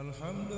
alhamdulillah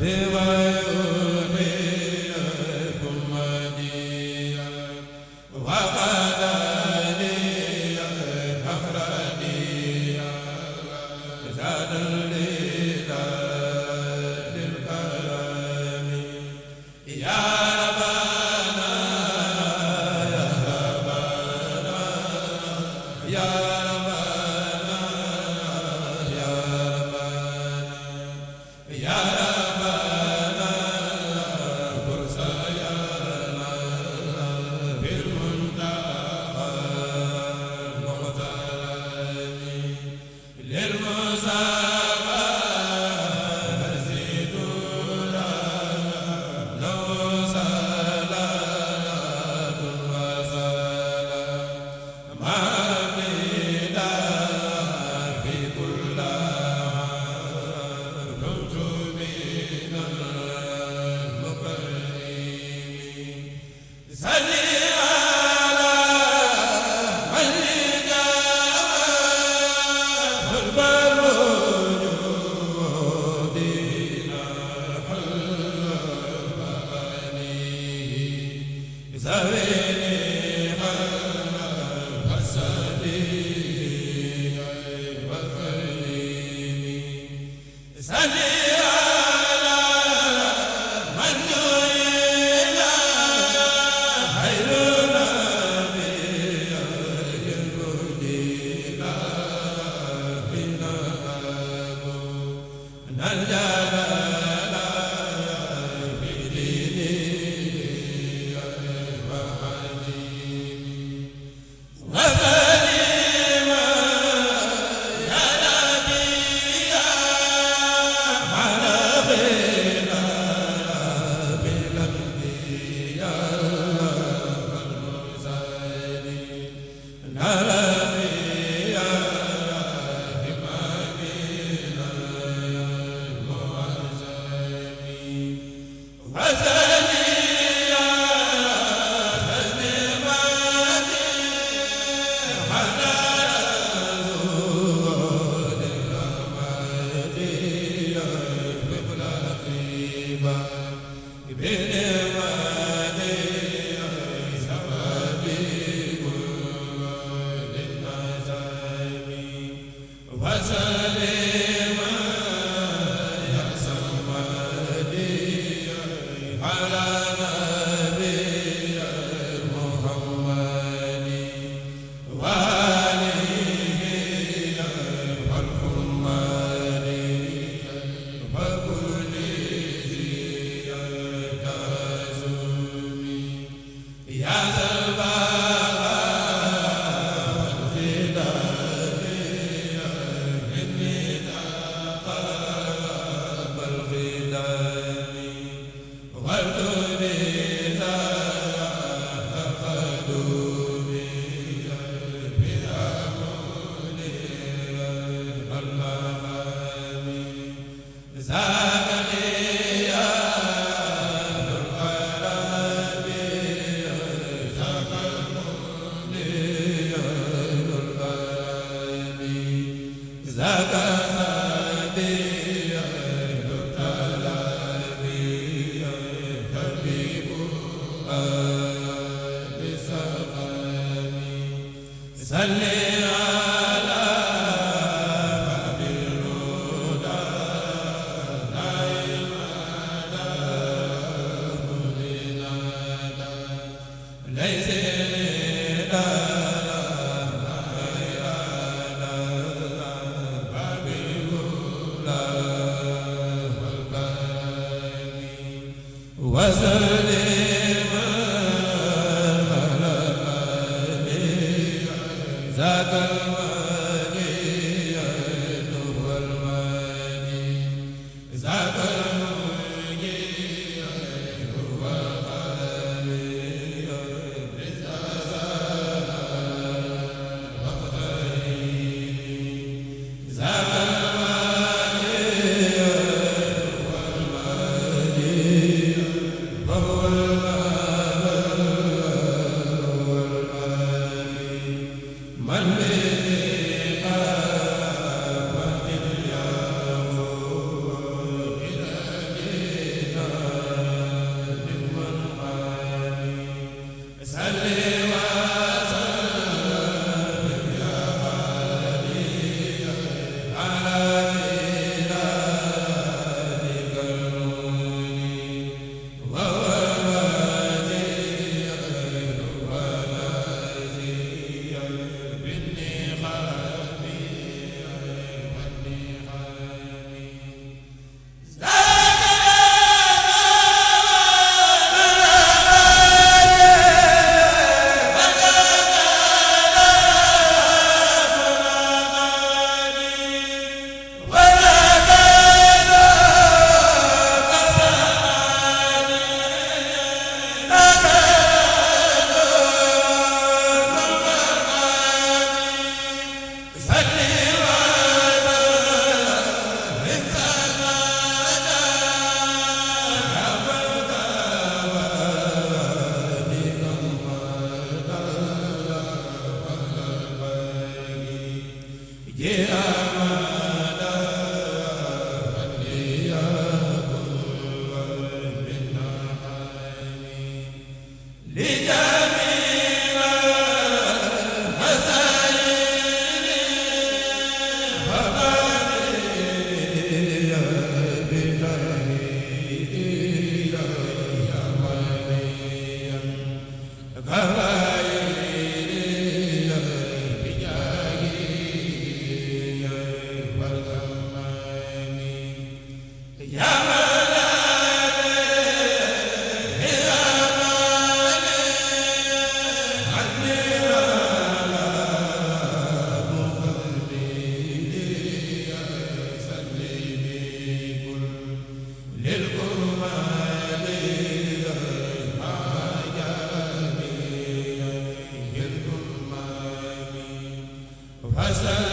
de wayo wa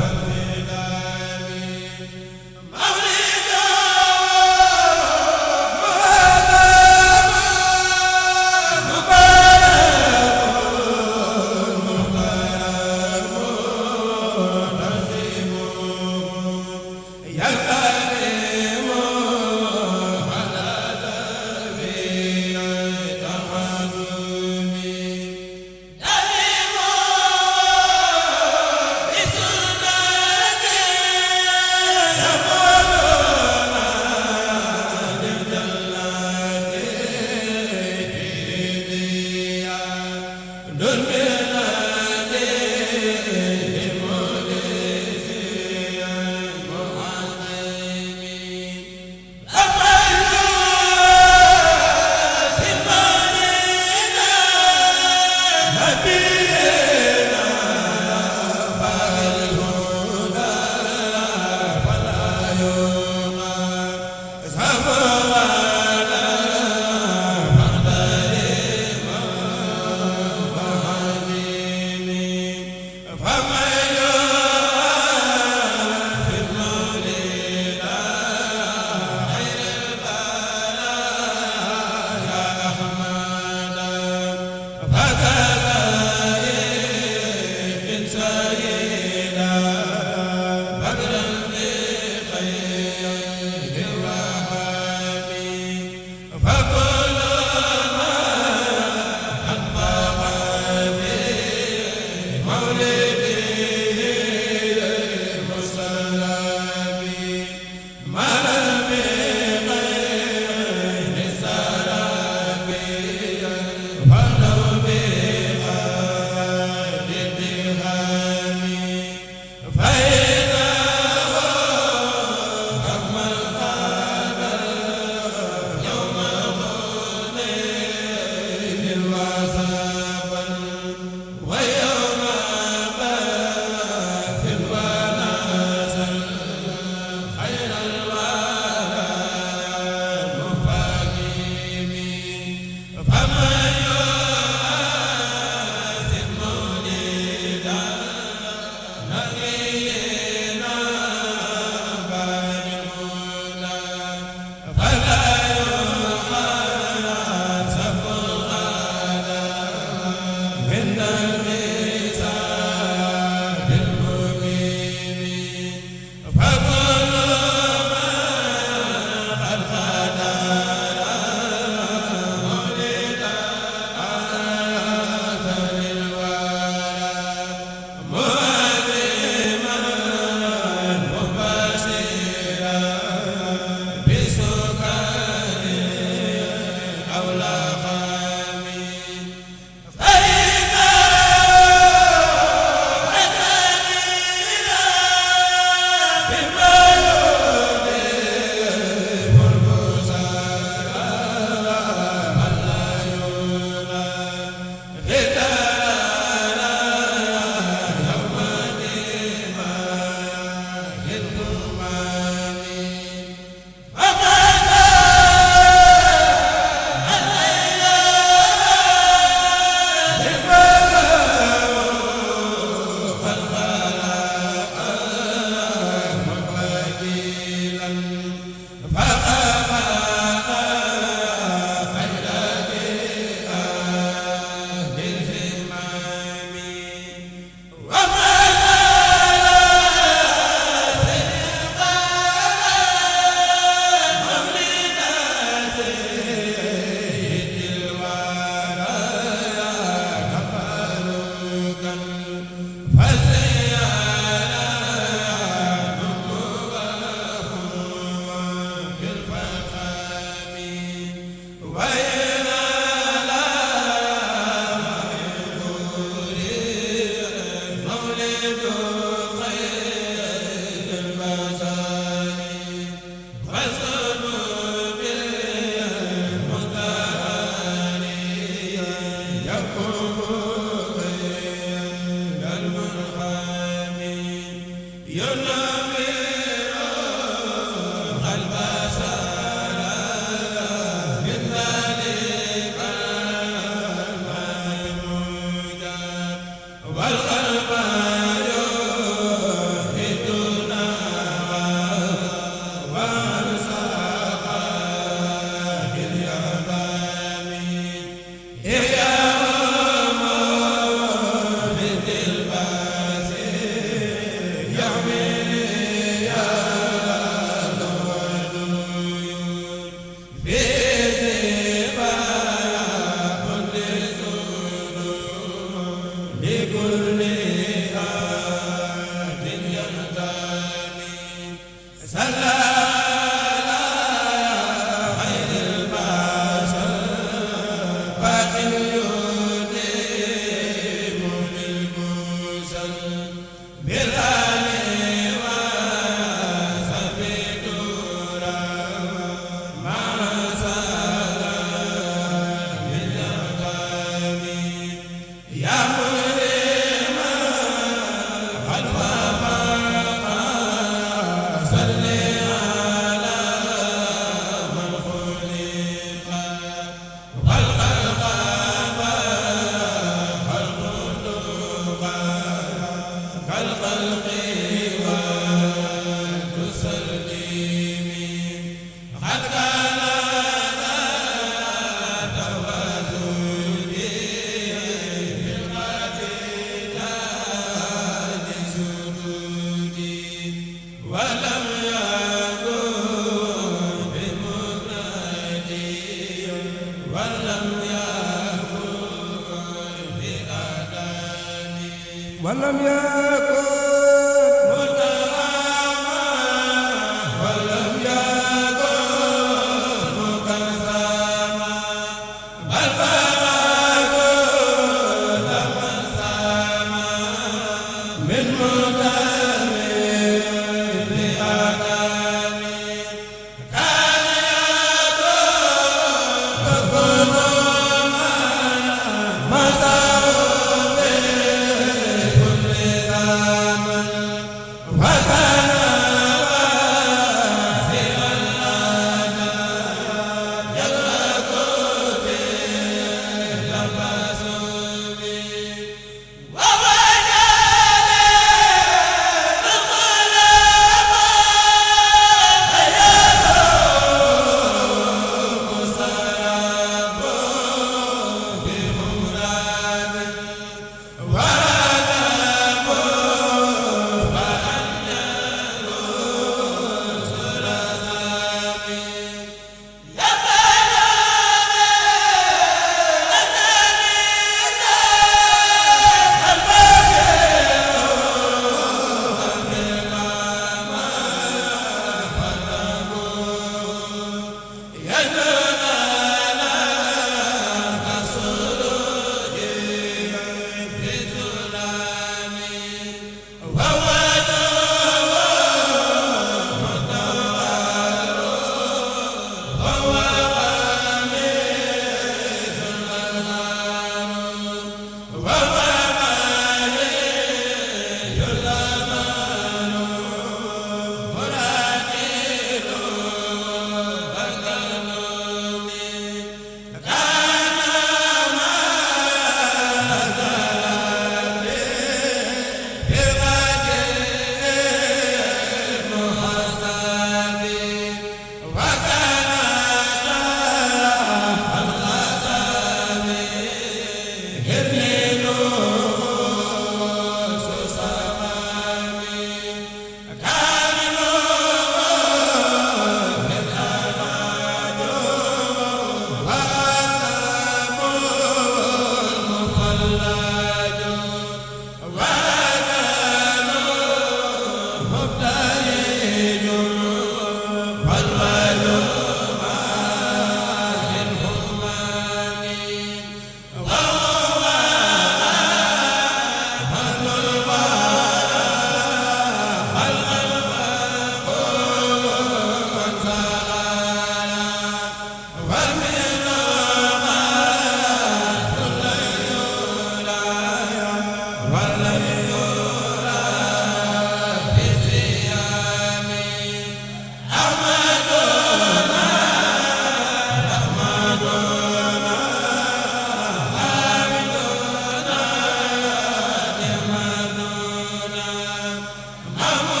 Muhammad